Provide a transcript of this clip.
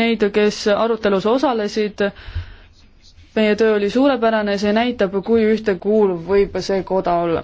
neid, kes arutelus osalesid. meie töö oli suurepärane, see näitab, kui ühtekuuluv võib see koda olla.